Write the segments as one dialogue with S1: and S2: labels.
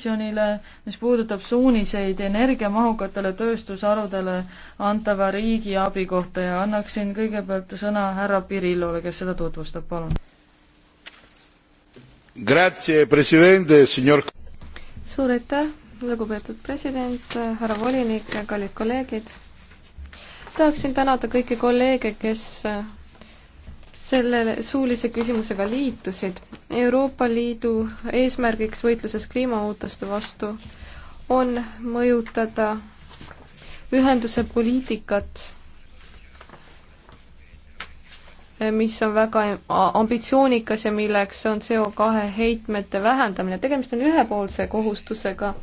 S1: komisjonile, mis puudutab suuniseid energiamahukatele tööstusharudele antava riigiabi kohta ja annaksin kõigepealt sõna härra Pirillole, kes seda tutvustab,
S2: palun. suur aitäh, lugupeetud president, härra volinik, kallid kolleegid. tahaksin tänada kõiki kolleege, kes selle suulise küsimusega liitusid. Euroopa Liidu eesmärgiks võitluses kliimamuutuste vastu on mõjutada ühenduse poliitikat, mis on väga ambitsioonikas ja milleks on CO2 heitmete vähendamine. tegemist on ühepoolse kohustusega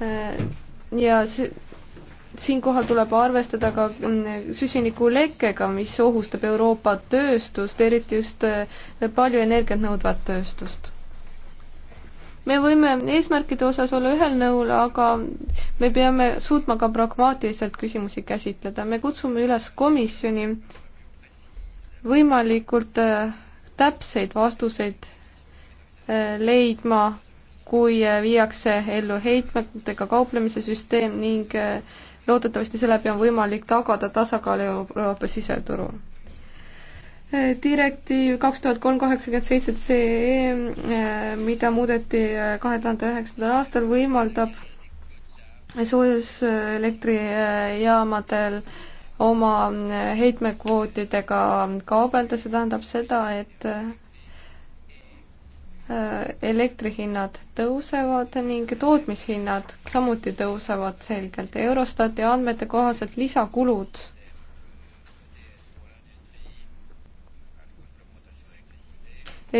S2: äh, ja see siinkohal tuleb arvestada ka mm, süsinikulekkega, mis ohustab Euroopa tööstust, eriti just eh, palju energiat nõudvat tööstust. me võime eesmärkide osas olla ühel nõul, aga me peame suutma ka pragmaatiliselt küsimusi käsitleda. me kutsume üles komisjoni võimalikult eh, täpseid vastuseid eh, leidma, kui viiakse ellu heitmetega kauplemise süsteem ning loodetavasti seeläbi on võimalik tagada tasakaal Euroopa siseturul direktiiv kaks tuhat kolm kaheksakümmend seitse CE, eh, mida muudeti eh, kahe tuhande üheksandal aastal, võimaldab soojuselektrijaamades oma eh, heitmekvootidega kaubelda, see tähendab seda, et Äh, elektrihinnad tõusevad ning tootmishinnad samuti tõusevad selgelt. Eurostati andmete kohaselt lisakulud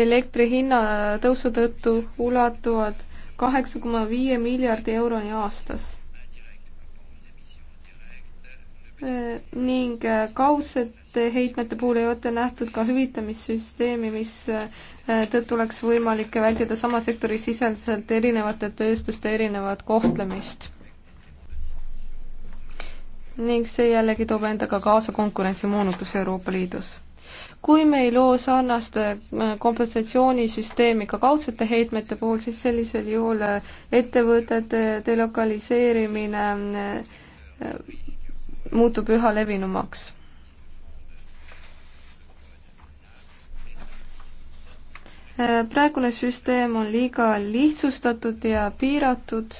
S2: elektri hinna tõusu tõttu ulatuvad kaheksa koma viie miljardi euroni aastas Äh, ning äh, kaudsete heitmete puhul ei ole nähtud ka hüvitamissüsteemi, mis äh, tõttu oleks võimalik vältida sama sektori siseselt erinevate tööstuste erinevat kohtlemist. ning see jällegi toob endaga kaasa konkurentsimoonutuse Euroopa Liidus kui me ei loo sarnast kompensatsioonisüsteemi ka kaudsete heitmete puhul, siis sellisel juhul ettevõtete delokaliseerimine muutub üha levinumaks. praegune süsteem on liiga lihtsustatud ja piiratud.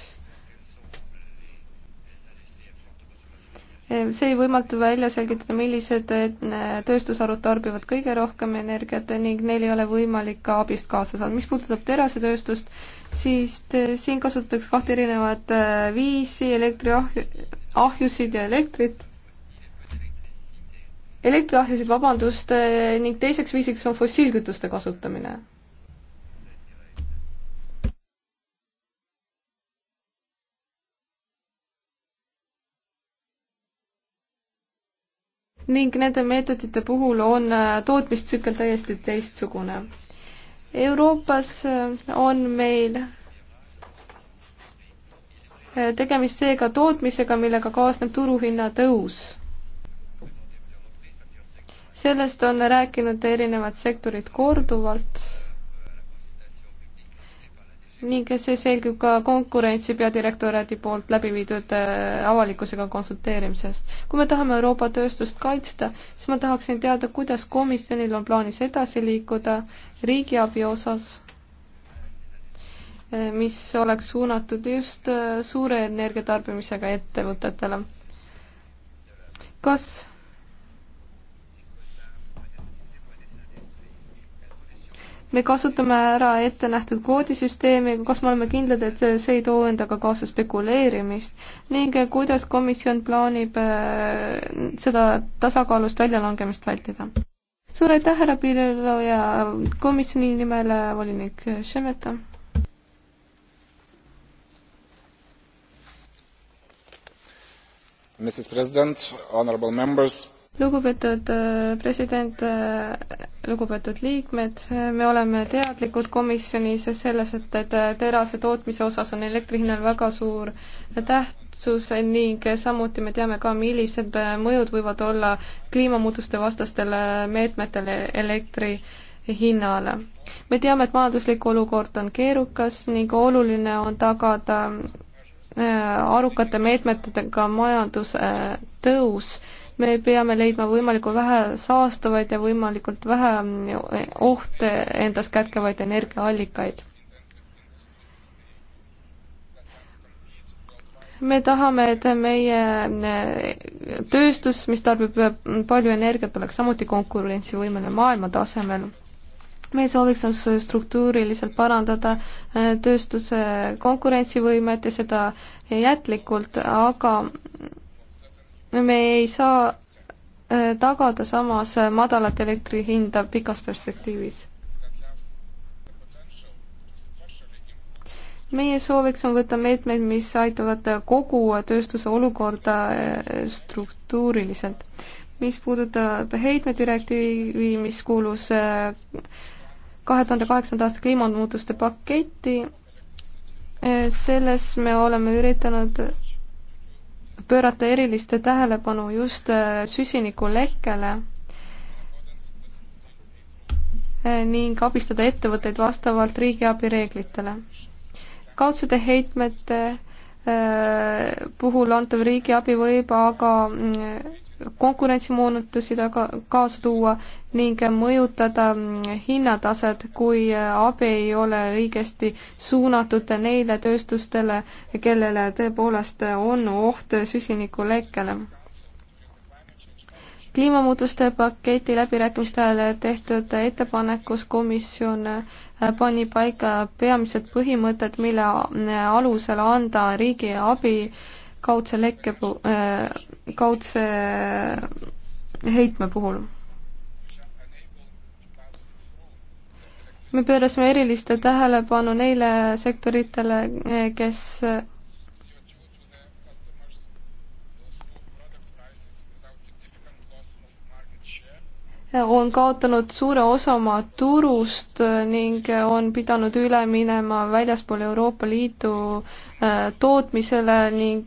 S2: see ei võimalda välja selgitada, millised äh, tööstusharud tarbivad kõige rohkem energiat ning neil ei ole võimalik ka abist kaasa saada. mis puudutab terasetööstust, siis äh, siin kasutatakse kahte erinevat äh, viisi elektri ahjusid ja elektrit, elektriahjusid, vabandust, eh, ning teiseks viisiks on fossiilkütuste kasutamine. ning nende meetodite puhul on eh, tootmistsükkel täiesti teistsugune. Euroopas eh, on meil tegemist seega tootmisega, millega kaasneb turuhinna tõus. sellest on rääkinud erinevad sektorid korduvalt ning see selgub ka konkurentsi peadirektoraadi poolt läbi viidud äh, avalikkusega konsulteerimisest. kui me tahame Euroopa tööstust kaitsta, siis ma tahaksin teada, kuidas komisjonil on plaanis edasi liikuda riigiabi osas Eh, mis oleks suunatud just eh, suure energiatarbimisega ettevõtetele. kas me kasutame ära ettenähtud koodisüsteemi, kas me oleme kindlad, et see ei too endaga kaasa spekuleerimist ning kuidas komisjon plaanib eh, seda tasakaalust väljalangemist vältida? suur aitäh, härra Pirilo ja komisjoni nimel volinik Šemeta lugupeetud äh, president, äh, lugupeetud liikmed, äh, me oleme teadlikud komisjonis selles, et, et terase tootmise osas on elektri hinnal väga suur tähtsus ning samuti me teame ka, millised mõjud võivad olla kliimamuutuste vastastele meetmetele elektri hinnale. me teame, et majanduslik olukord on keerukas ning oluline on tagada Äh, arukate meetmetega majanduse äh, tõus. me peame leidma võimalikult vähe saastavaid ja võimalikult vähe mm, ohte endas kätkevaid energiaallikaid. me tahame, et meie äh, tööstus, mis tarbib palju energiat, oleks samuti konkurentsivõimeline maailma tasemel me sooviks struktuuriliselt parandada äh, tööstuse konkurentsivõimet ja seda jätlikult, aga me ei saa äh, tagada samas madalat elektri hinda pikas perspektiivis. meie sooviks on võtta meetmeid, mis aitavad kogu tööstuse olukorda äh, struktuuriliselt mis puudutab heitmedirektiivi, mis kuulus kahe tuhande kaheksanda aasta kliimamuutuste paketti. Eh, selles me oleme üritanud pöörata erilist tähelepanu just eh, süsinikulekkele eh, ning abistada ettevõtteid vastavalt riigiabi reeglitele. kaudsete heitmete puhul antav riigiabi võib aga mm, konkurentsimoonutusi taga, kaasa tuua ning mõjutada mm, hinnataset, kui äh, abi ei ole õigesti suunatud neile tööstustele, kellele tõepoolest on oht süsinikulekkele. kliimamuutuste paketi läbirääkimiste ajal tehtud ettepanekus komisjon äh, pani paika peamised põhimõtted, mille äh, alusel anda riigi abi äh, kaudse lekke, äh, kaudse heitme puhul. me pöörasime erilist tähelepanu neile sektoritele, kes on kaotanud suure osa oma turust äh, ning äh, on pidanud üle minema väljaspool Euroopa Liidu äh, tootmisele ning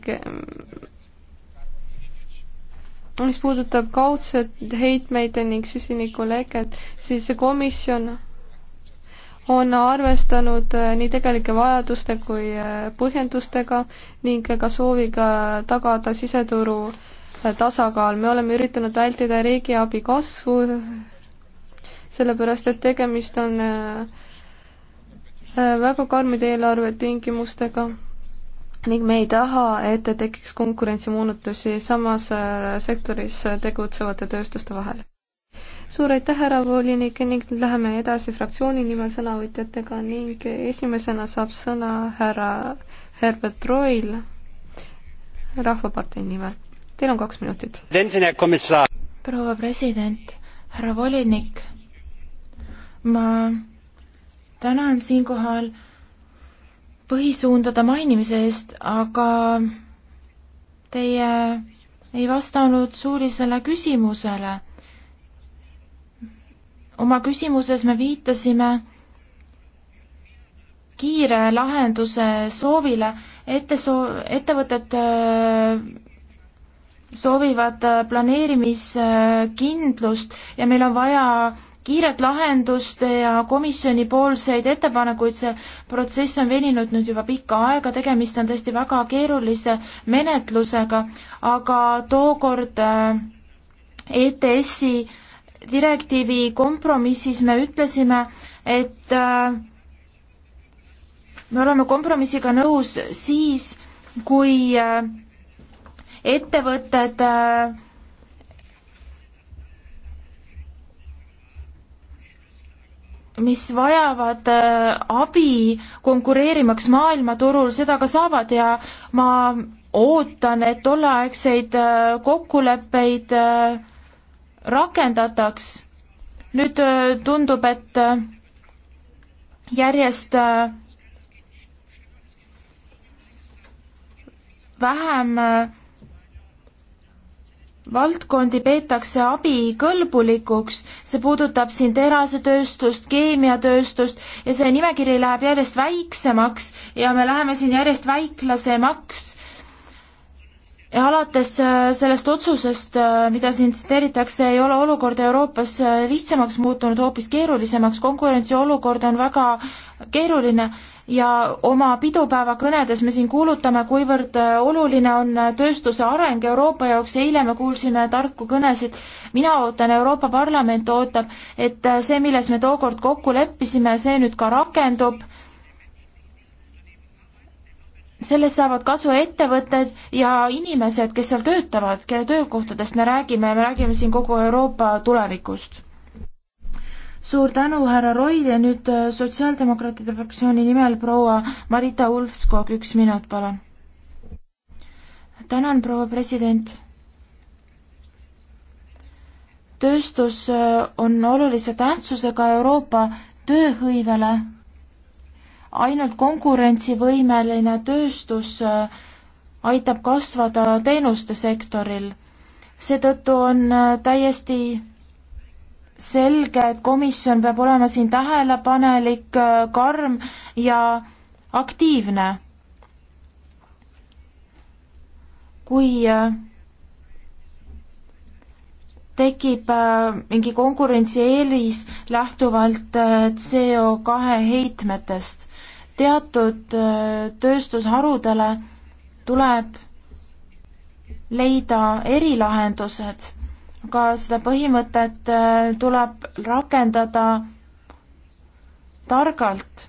S2: mis puudutab kaudseid heitmeid ning süsinikuleket, siis see komisjon on arvestanud nii tegelike vajaduste kui põhjendustega ning ka sooviga tagada siseturu äh, tasakaal, me oleme üritanud vältida riigiabi kasvu, sellepärast et tegemist on äh, äh, väga karmide eelarvetingimustega ning me ei taha, et tekiks konkurentsimoonutusi samas äh, sektoris tegutsevate tööstuste vahel. suur aitäh, härra volinik ning nüüd läheme edasi fraktsiooni nimel sõnavõtjatega ning esimesena saab sõna härra
S3: Herbert Roil Rahvapartei nimel Teil on kaks minutit. proua president, härra volinik, ma tänan siinkohal põhisuundade mainimise eest, aga teie ei vastanud suulisele küsimusele. oma küsimuses me viitasime kiire lahenduse soovile ette soo-, ettevõtet öö, soovivad äh, planeerimiskindlust ja meil on vaja kiiret lahendust ja komisjoni poolseid ettepanekuid, see protsess on veninud nüüd juba pikka aega, tegemist on tõesti väga keerulise menetlusega, aga tookord äh, ETS-i direktiivi kompromissis me ütlesime, et äh, me oleme kompromissiga nõus siis, kui äh, ettevõtted äh, mis vajavad äh, abi konkureerimaks maailmaturul, seda ka saavad ja ma ootan, et tolleaegseid äh, kokkuleppeid rakendataks. nüüd tundub, et järjest vähem valdkondi peetakse abikõlbulikuks, see puudutab siin terasetööstust, keemiatööstust ja see nimekiri läheb järjest väiksemaks ja me läheme siin järjest väiklasemaks ja alates äh, sellest otsusest, äh, mida siin tsiteeritakse, ei ole olukord Euroopas äh, lihtsamaks muutunud, hoopis keerulisemaks, konkurentsiolukord on väga keeruline ja oma pidupäevakõnedes me siin kuulutame, kuivõrd oluline on tööstuse areng Euroopa jaoks, eile me kuulsime tarku kõnesid, mina ootan, Euroopa Parlament ootab, et see, milles me tookord kokku leppisime, see nüüd ka rakendub sellest saavad kasu ettevõtted ja inimesed, kes seal töötavad, kelle töökohtadest me räägime, me räägime siin kogu Euroopa tulevikust. suur tänu, härra Roid ja nüüd äh, Sotsiaaldemokraatide fraktsiooni nimel proua Marita Ulfskog, üks minut, palun. tänan, proua president. tööstus äh, on olulise tähtsusega Euroopa tööhõivele ainult konkurentsivõimeline tööstus äh, aitab kasvada teenuste sektoril. seetõttu on äh, täiesti selge, et komisjon peab olema siin tähelepanelik, äh, karm ja aktiivne. kui tekib mingi konkurentsieelis lähtuvalt CO kahe heitmetest teatud äh, tööstusharudele tuleb leida erilahendused, aga seda põhimõtet äh, tuleb rakendada targalt.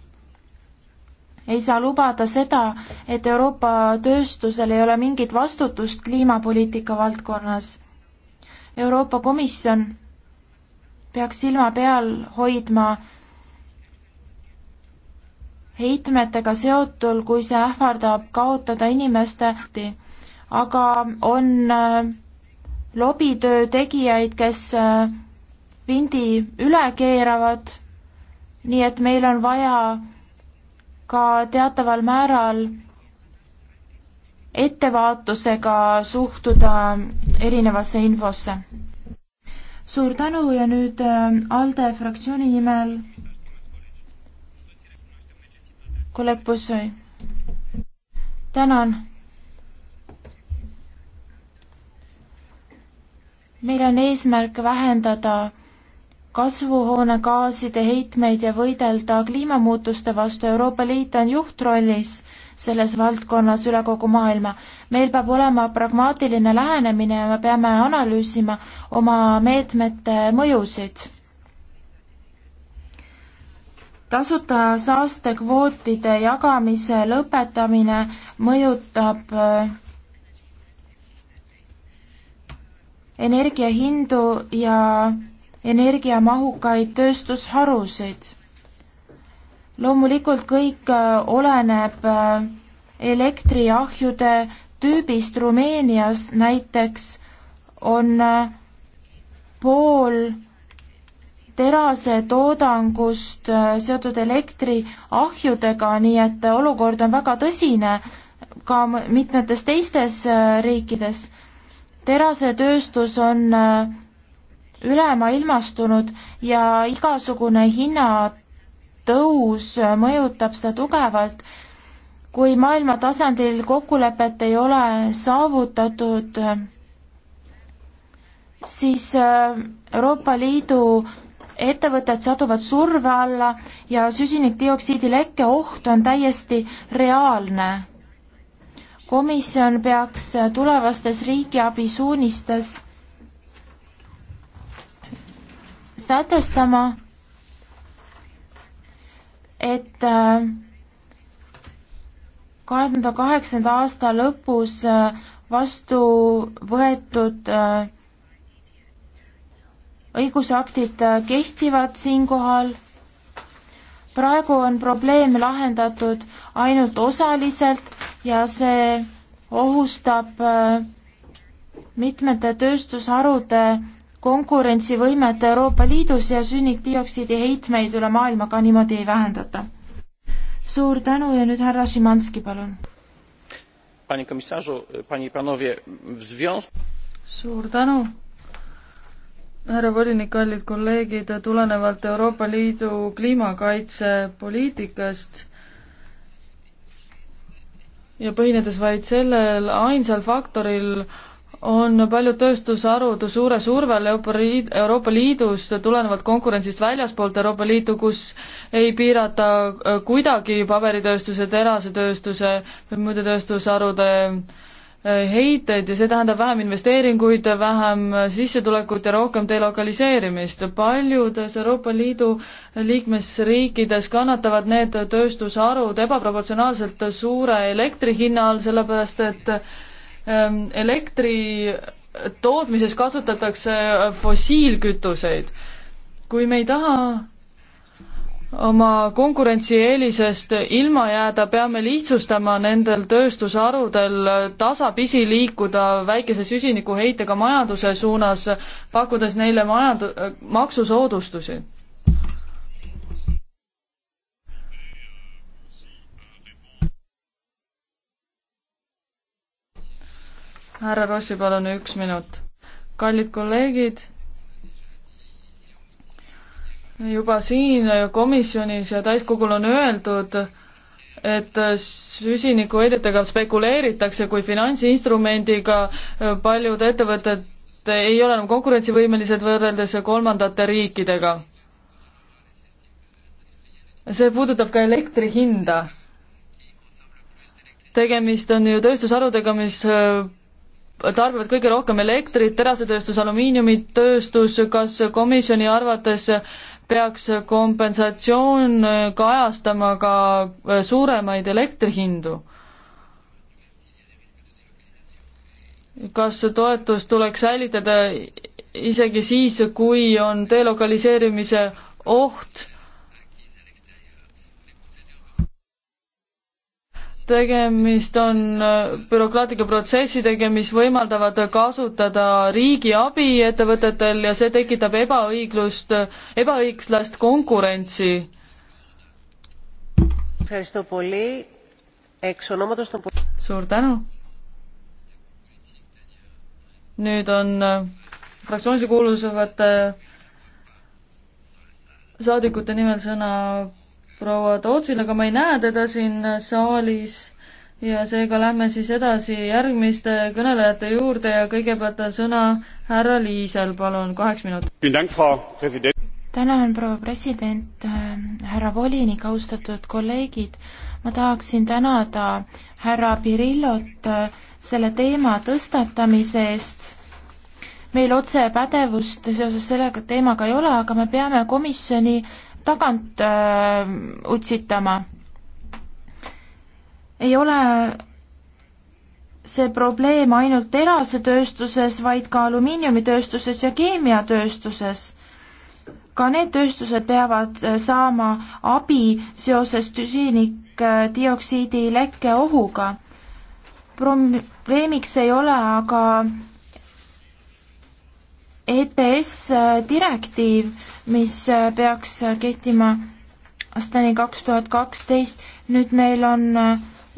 S3: ei saa lubada seda, et Euroopa tööstusel ei ole mingit vastutust kliimapoliitika valdkonnas. Euroopa Komisjon peaks silma peal hoidma heitmetega seotul, kui see ähvardab kaotada inimeste, aga on äh, lobitöö tegijaid, kes äh, vindi üle keeravad, nii et meil on vaja ka teataval määral ettevaatusega suhtuda erinevasse infosse. suur tänu ja nüüd äh, ALDE fraktsiooni nimel kolleeg Bussoi. tänan. meil on eesmärk vähendada kasvuhoonegaaside heitmeid ja võidelda kliimamuutuste vastu. Euroopa Liit on juhtrollis selles valdkonnas üle kogu maailma. meil peab olema pragmaatiline lähenemine ja me peame analüüsima oma meetmete mõjusid tasuta saastekvootide jagamise lõpetamine mõjutab äh, energiahindu ja energiamahukaid tööstusharusid. loomulikult kõik äh, oleneb äh, elektriahjude tüübist Rumeenias näiteks on pool terasetoodangust äh, seotud elektriahjudega, nii et olukord on väga tõsine ka mitmetes teistes äh, riikides. terasetööstus on äh, ülemaailmastunud ja igasugune hinnatõus mõjutab seda tugevalt. kui maailma tasandil kokkulepet ei ole saavutatud, siis Euroopa Liidu ettevõtted satuvad surve alla ja süsinikdioksiidi lekke oht on täiesti reaalne. komisjon peaks tulevastes riigiabi suunistes sätestama, et äh, kahe tuhande kaheksanda aasta lõpus äh, vastu võetud äh, õigusaktid äh, kehtivad siinkohal. praegu on probleem lahendatud ainult osaliselt ja see ohustab äh, mitmete tööstusharude konkurentsivõimet Euroopa Liidus ja sünnikdioksiidi heitmeid üle maailma ka niimoodi ei vähendata. suur tänu ja nüüd härra Šimanski, palun. suur
S1: tänu härra volinik, kallid kolleegid, tulenevalt Euroopa Liidu kliimakaitsepoliitikast ja põhinedes vaid sellel ainsal faktoril, on paljud tööstusharud suure surve all Euroopa Liidust tulenevalt konkurentsist väljaspoolt Euroopa Liitu, kus ei piirata äh, kuidagi paberitööstuse, terasetööstuse või muude tööstusharude äh, Äh, heiteid ja see tähendab vähem investeeringuid, vähem sissetulekut ja rohkem delokaliseerimist. paljudes Euroopa Liidu liikmesriikides kannatavad need tööstusharud ebaproportsionaalselt suure elektri hinna all, sellepärast et ähm, elektri tootmises kasutatakse fossiilkütuseid. kui me ei taha oma konkurentsieelisest ilma jääda, peame lihtsustama nendel tööstusharudel tasapisi liikuda väikese süsinikuheitega majanduse suunas, pakkudes neile majand-, maksusoodustusi. härra Rossi, palun üks minut. kallid kolleegid juba siin komisjonis ja täiskogul on öeldud, et süsinikuheidetega spekuleeritakse kui finantsinstrumendiga, paljud ettevõtted ei ole enam konkurentsivõimelised võrreldes kolmandate riikidega. see puudutab ka elektri hinda. tegemist on ju tööstusharudega, mis tarbivad kõige rohkem elektrit, terasetööstus, alumiiniumitööstus, kas komisjoni arvates äh, peaks kompensatsioon kajastama ka suuremaid elektrihindu. kas toetus tuleks säilitada isegi siis, kui on delokaliseerimise oht tegemist on äh, bürokraatlike protsessidega, mis võimaldavad kasutada riigi abi ettevõtetel ja see tekitab ebaõiglust, ebaõiglast konkurentsi. suur tänu. nüüd on äh, fraktsioonilise kuulusõnavõtte saadikute nimel sõna proua Tootsil, aga ma ei näe teda siin saalis ja seega lähme siis edasi järgmiste kõnelejate juurde ja kõigepealt on sõna
S3: härra Liisel, palun, kaheks
S1: minutiks.
S3: tänan, proua president, härra volinik, austatud kolleegid. ma tahaksin tänada härra Pirillot selle teema tõstatamise eest. meil otse pädevust seoses sellega teemaga ei ole, aga me peame komisjoni tagant äh, utsitama. ei ole see probleem ainult terasetööstuses, vaid ka alumiiniumitööstuses ja keemiatööstuses. ka need tööstused peavad äh, saama abi seoses süsinikdioksiidi lekke ohuga. probleemiks ei ole aga ETS äh, direktiiv, mis äh, peaks äh, kehtima aastani kaks tuhat kaksteist, nüüd meil on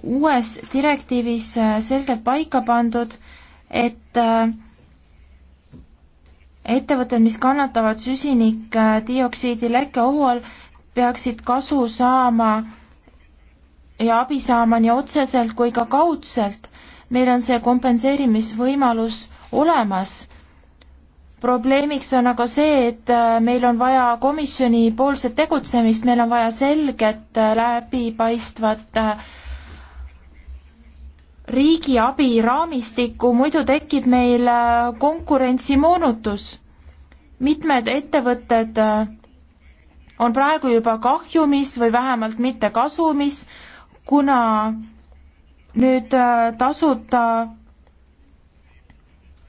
S3: uues direktiivis selgelt paika pandud, et ettevõtted, mis kannatavad süsinikdioksiidi lekke ohu all, peaksid kasu saama ja abi saama nii otseselt kui ka kaudselt. meil on see kompenseerimisvõimalus olemas probleemiks on aga see, et äh, meil on vaja komisjoni poolset tegutsemist, meil on vaja selget, äh, läbipaistvat äh, riigiabi raamistikku, muidu tekib meil konkurentsimoonutus. mitmed ettevõtted on praegu juba kahjumis või vähemalt mitte kasumis, kuna nüüd tasuta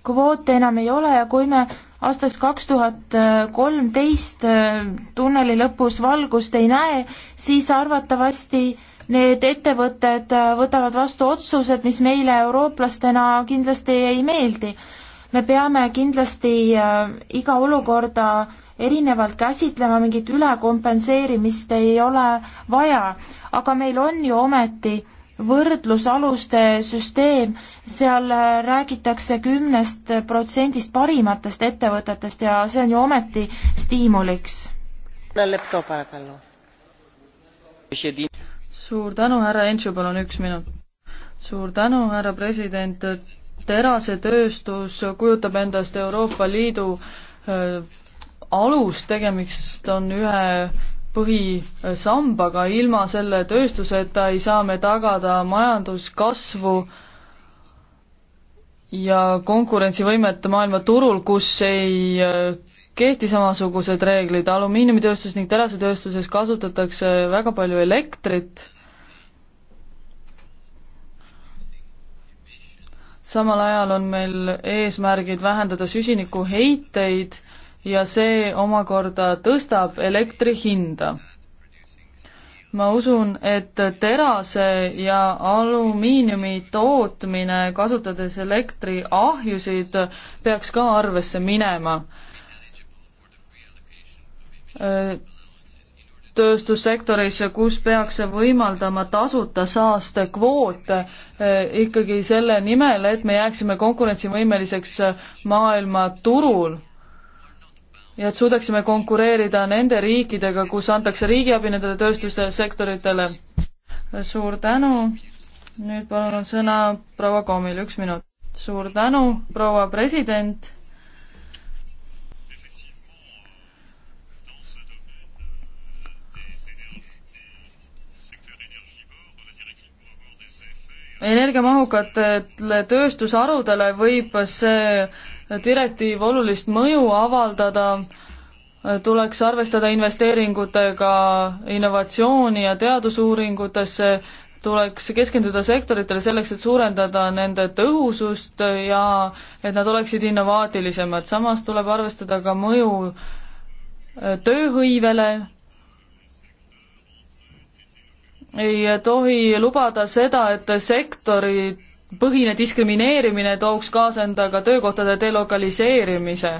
S3: kvoote enam ei ole ja kui me aastaks kaks tuhat kolmteist äh, tunneli lõpus valgust ei näe, siis arvatavasti need ettevõtted äh, võtavad vastu otsused, mis meile eurooplastena kindlasti ei meeldi. me peame kindlasti äh, iga olukorda erinevalt käsitlema, mingit ülekompenseerimist ei ole vaja, aga meil on ju ometi võrdlusaluste süsteem, seal räägitakse kümnest protsendist parimatest ettevõtetest ja see on ju ometi stiimuliks. suur tänu, härra Entšu, palun üks minut.
S1: suur tänu, härra president, terasetööstus kujutab endast Euroopa Liidu äh, alus, tegemist on ühe põhisambaga, ilma selle tööstuseta ei saa me tagada majanduskasvu ja konkurentsivõimet maailmaturul, kus ei äh, kehti samasugused reeglid, alumiiniumitööstuses ning terasetööstuses kasutatakse väga palju elektrit, samal ajal on meil eesmärgid vähendada süsinikuheiteid ja see omakorda tõstab elektri hinda. ma usun, et terase ja alumiiniumi tootmine, kasutades elektriahjusid, peaks ka arvesse minema tööstussektoris, kus peaks võimaldama tasuta saastekvoote ikkagi selle nimel, et me jääksime konkurentsivõimeliseks maailmaturul ja et suudaksime konkureerida nende riikidega, kus antakse riigiabi nendele tööstussektoritele. suur tänu, nüüd palun on sõna proua Komil, üks minut. suur tänu, proua president. energiamahukatele tööstusharudele võib see direktiiv olulist mõju avaldada, tuleks arvestada investeeringutega innovatsiooni ja teadusuuringutesse, tuleks keskenduda sektoritele selleks, et suurendada nende tõhusust ja et nad oleksid innovaatilisemad, samas tuleb arvestada ka mõju äh, tööhõivele, ei tohi lubada seda, et sektorid põhine diskrimineerimine tooks kaasa endaga töökohtade delokaliseerimise.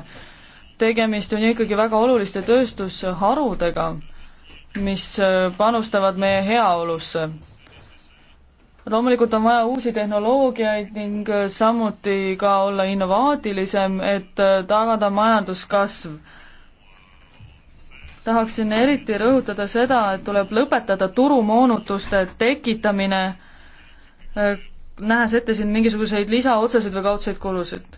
S1: tegemist on ju ikkagi väga oluliste tööstusharudega, mis äh, panustavad meie heaolusse. loomulikult on vaja uusi tehnoloogiaid ning äh, samuti ka olla innovaatilisem, et äh, tagada majanduskasv. tahaksin eriti rõhutada seda, et tuleb lõpetada turumoonutuste tekitamine nähes ette siin mingisuguseid lisaotseseid või kaudseid kulusid.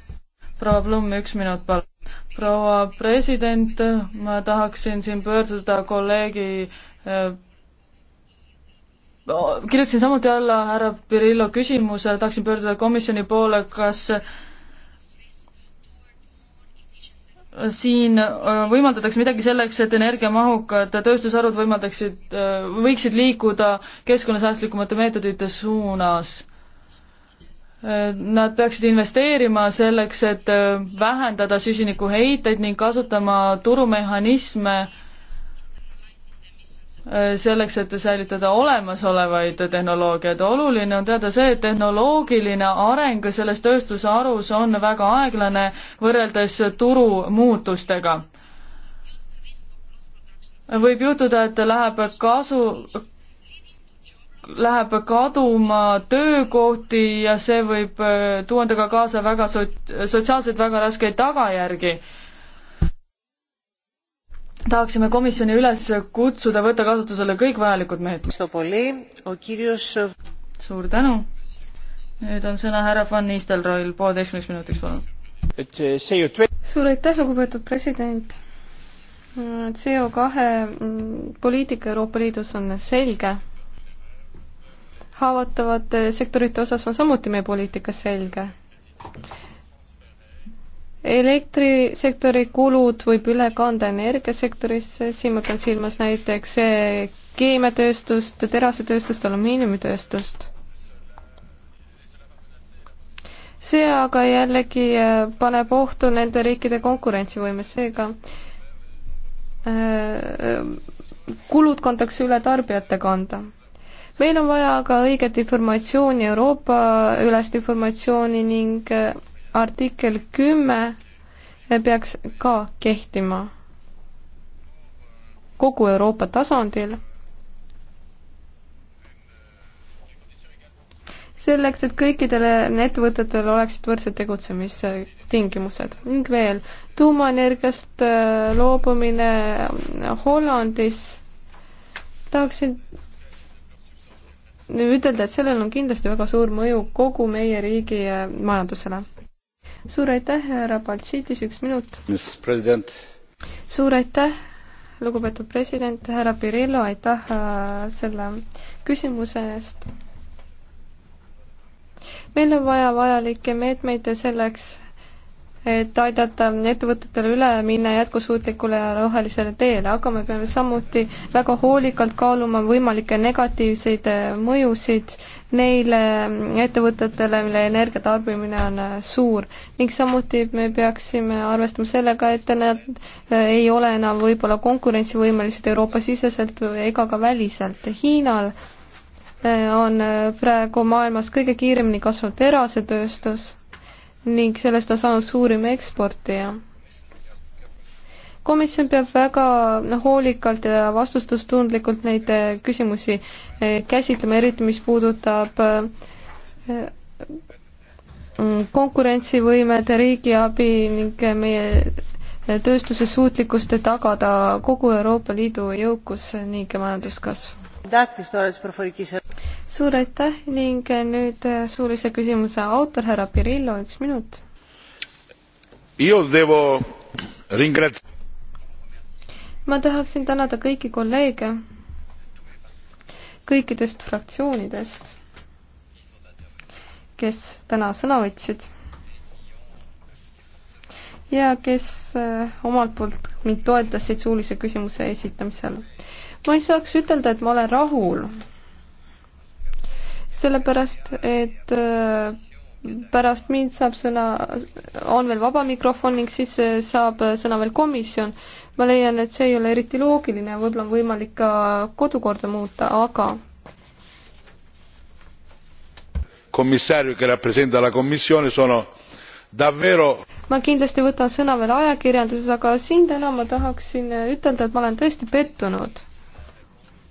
S1: proua Blum, üks minut, palun. proua president, ma tahaksin siin pöörduda kolleegi eh, kirjutasin samuti alla härra Pirillo küsimusele, tahaksin pöörduda komisjoni poole, kas siin äh, võimaldatakse midagi selleks, et energiamahukad tööstusharud võimaldaksid, äh, võiksid liikuda keskkonnasäästlikumate meetodite suunas Nad peaksid investeerima selleks, et äh, vähendada süsinikuheiteid ning kasutama turumehhanisme äh, selleks, et säilitada olemasolevaid tehnoloogiaid. oluline on teada see, et tehnoloogiline areng selles tööstusharus on väga aeglane võrreldes turu muutustega võib juhtuda, et läheb kasu, läheb kaduma töökohti ja see võib äh, tuua endaga kaasa väga sot-, sotsiaalselt väga raskeid tagajärgi. tahaksime komisjoni üles kutsuda võtta kasutusele kõik vajalikud meetmed. suur tänu. nüüd on sõna härra Van Nistelrooil pooleteistkümneks minutiks, palun. Äh,
S2: suur aitäh, lugupeetud president. Äh, CO kahe mm, poliitika Euroopa Liidus on selge haavatavate sektorite osas on samuti meie poliitika selge. elektrisektori kulud võib üle kanda energiasektorisse, siin ma pean silmas näiteks keemiatööstust, terasetööstust, alumiiniumitööstust see aga jällegi äh, paneb ohtu nende riikide konkurentsivõime, seega äh, äh, kulud kantakse üle tarbijate kanda meil on vaja ka õiget informatsiooni, Euroopa-ülest informatsiooni ning äh, artikkel kümme äh, peaks ka kehtima kogu Euroopa tasandil. selleks, et kõikidele ettevõtetele oleksid võrdsed tegutsemistingimused ning veel tuumaenergiast äh, loobumine Hollandis tahaksin ütelda, et sellel on kindlasti väga suur mõju kogu meie riigi äh, majandusele. suur aitäh, härra Baltšiitis, üks minut. suur aitäh, lugupeetud president, härra Pirillo, aitäh äh, selle küsimuse eest. meil on vaja vajalikke meetmeid selleks, et aidata ettevõtetele üle minna jätkusuutlikule ja rohelisele teele, aga me peame samuti väga hoolikalt kaaluma võimalikke negatiivseid mõjusid neile ettevõtetele, mille energia tarbimine on suur. ning samuti me peaksime arvestama sellega, et nad ei ole enam võib-olla konkurentsivõimelised Euroopa-siseselt ega ka väliselt. Hiinal eh, on eh, praegu maailmas kõige kiiremini kasvanud terasetööstus ning sellest on saanud suurim eksportija. komisjon peab väga noh, hoolikalt ja vastutustundlikult neid eh, küsimusi eh, käsitlema, eriti mis puudutab eh, mm, konkurentsivõimed, riigiabi ning meie tööstuse suutlikkust tagada kogu Euroopa Liidu jõukus ning majanduskasv suur aitäh ning nüüd äh, suulise küsimuse autor, härra Pirillo, üks minut. ma tahaksin tänada kõiki kolleege kõikidest fraktsioonidest, kes täna sõna võtsid ja kes äh, omalt poolt mind toetasid suulise küsimuse esitamisel. ma ei saaks ütelda, et ma olen rahul sellepärast et äh, pärast mind saab sõna, on veel vaba mikrofon ning siis äh, saab sõna veel komisjon. ma leian, et see ei ole eriti loogiline, võib-olla on võimalik ka kodukorda muuta, aga
S1: commissario che rappresenta la commissione sono davvero
S2: ma kindlasti võtan sõna veel ajakirjanduses, aga siin täna ma tahaksin äh, ütelda, et ma olen tõesti pettunud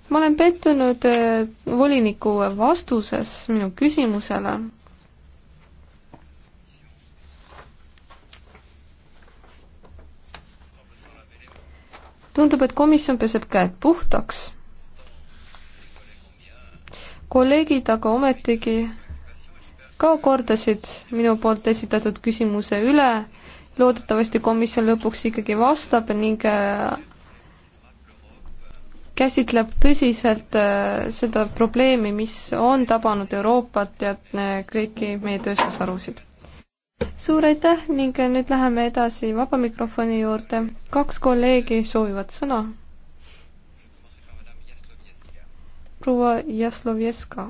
S2: ma olen pettunud äh, voliniku vastuses minu küsimusele. tundub, et komisjon peseb käed puhtaks. kolleegid aga ometigi ka kordasid minu poolt esitatud küsimuse üle. loodetavasti komisjon lõpuks ikkagi vastab ning äh, käsitleb tõsiselt äh, seda probleemi, mis on tabanud Euroopat ja äh, kõiki meie tööstusharusid. suur aitäh ning äh, nüüd läheme edasi vaba mikrofoni juurde. kaks kolleegi soovivad sõna. proua Jaslovjeska.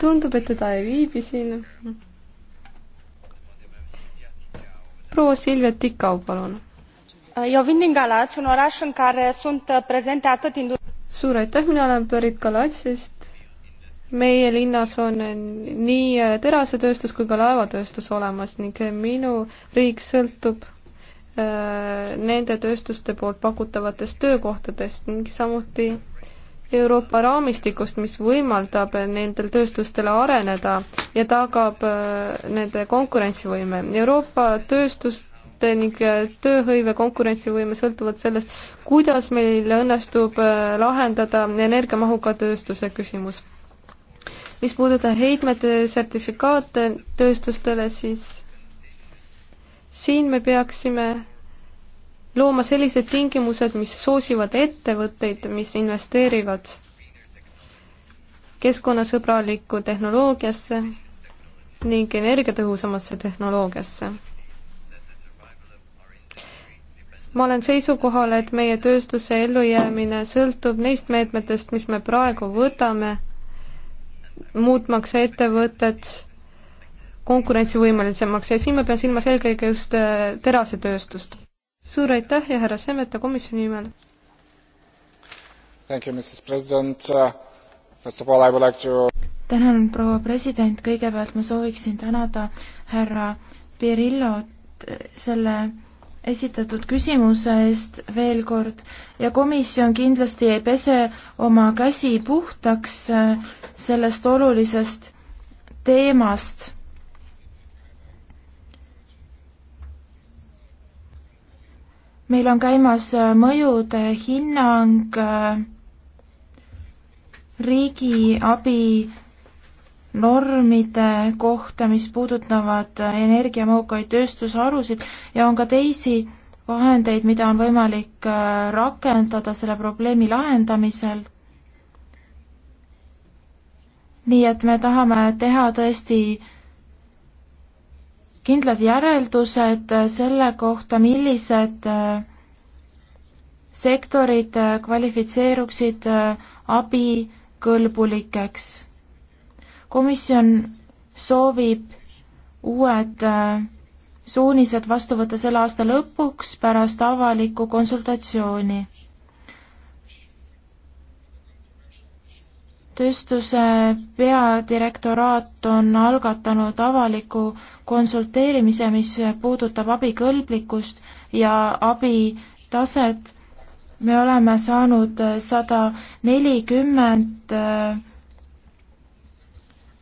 S2: tundub, et teda ei viibi siin. proua Silvia Tikau, palun.
S1: Eu vin din Galați, un oraș în care sunt uh, prezente atât
S2: suur aitäh, mina olen pärit Galatsist. meie linnas on nii äh, terasetööstus kui ka laevatööstus olemas ning äh, minu riik sõltub äh, nende tööstuste poolt pakutavatest töökohtadest ning samuti Euroopa raamistikust, mis võimaldab nendel tööstustele areneda ja tagab äh, nende konkurentsivõime. Euroopa tööstuste ning äh, tööhõive konkurentsivõime sõltuvad sellest, kuidas meil õnnestub äh, lahendada energiamahuka tööstuse küsimus. mis puudutab heitmete sertifikaate tööstustele, siis siin me peaksime looma sellised tingimused, mis soosivad ettevõtteid, mis investeerivad keskkonnasõbralikku tehnoloogiasse ning energiatõhusamasse tehnoloogiasse. ma olen seisukohal, et meie tööstuse ellujäämine sõltub neist meetmetest, mis me praegu võtame, muutmaks ettevõtet konkurentsivõimelisemaks ja siin ma pean silmas eelkõige just äh, terasetööstust suur aitäh ja härra Semeta komisjoni nimel.
S3: Uh, like to... tänan, proua president, kõigepealt ma sooviksin tänada härra Pirillot selle esitatud küsimuse eest veel kord ja komisjon kindlasti ei pese oma käsi puhtaks äh, sellest olulisest teemast meil on käimas äh, mõjude hinnang äh, riigiabi normide kohta, mis puudutavad äh, energiamahukaid tööstusharusid ja on ka teisi vahendeid, mida on võimalik rakendada selle probleemi lahendamisel. nii et me tahame teha tõesti kindlad järeldused selle kohta, millised äh, sektorid äh, kvalifitseeruksid äh, abikõlbulikeks. komisjon soovib uued suunised vastu võtta selle aasta lõpuks pärast avalikku konsultatsiooni tööstuse peadirektoraat on algatanud avaliku konsulteerimise, mis puudutab abikõlblikkust ja abitaset. me oleme saanud sada nelikümmend äh,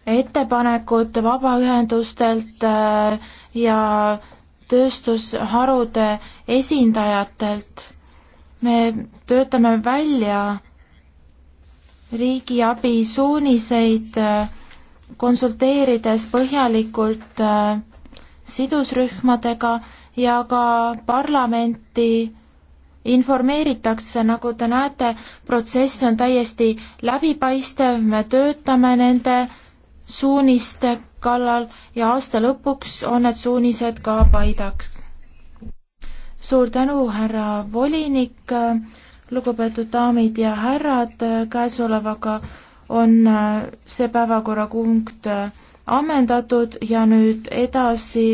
S3: ettepanekut vabaühendustelt äh, ja tööstusharude esindajatelt. me töötame välja riigiabi suuniseid äh, konsulteerides põhjalikult äh, sidusrühmadega ja ka parlamenti informeeritakse, nagu te näete, protsess on täiesti läbipaistev, me töötame nende suuniste kallal ja aasta lõpuks on need suunised ka paidaks. suur tänu, härra volinik lugupeetud daamid ja härrad, käesolevaga on äh, see päevakorrapunkt äh, ammendatud ja nüüd edasi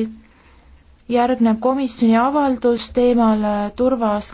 S3: järgneb komisjoni avaldus teemal äh, turvas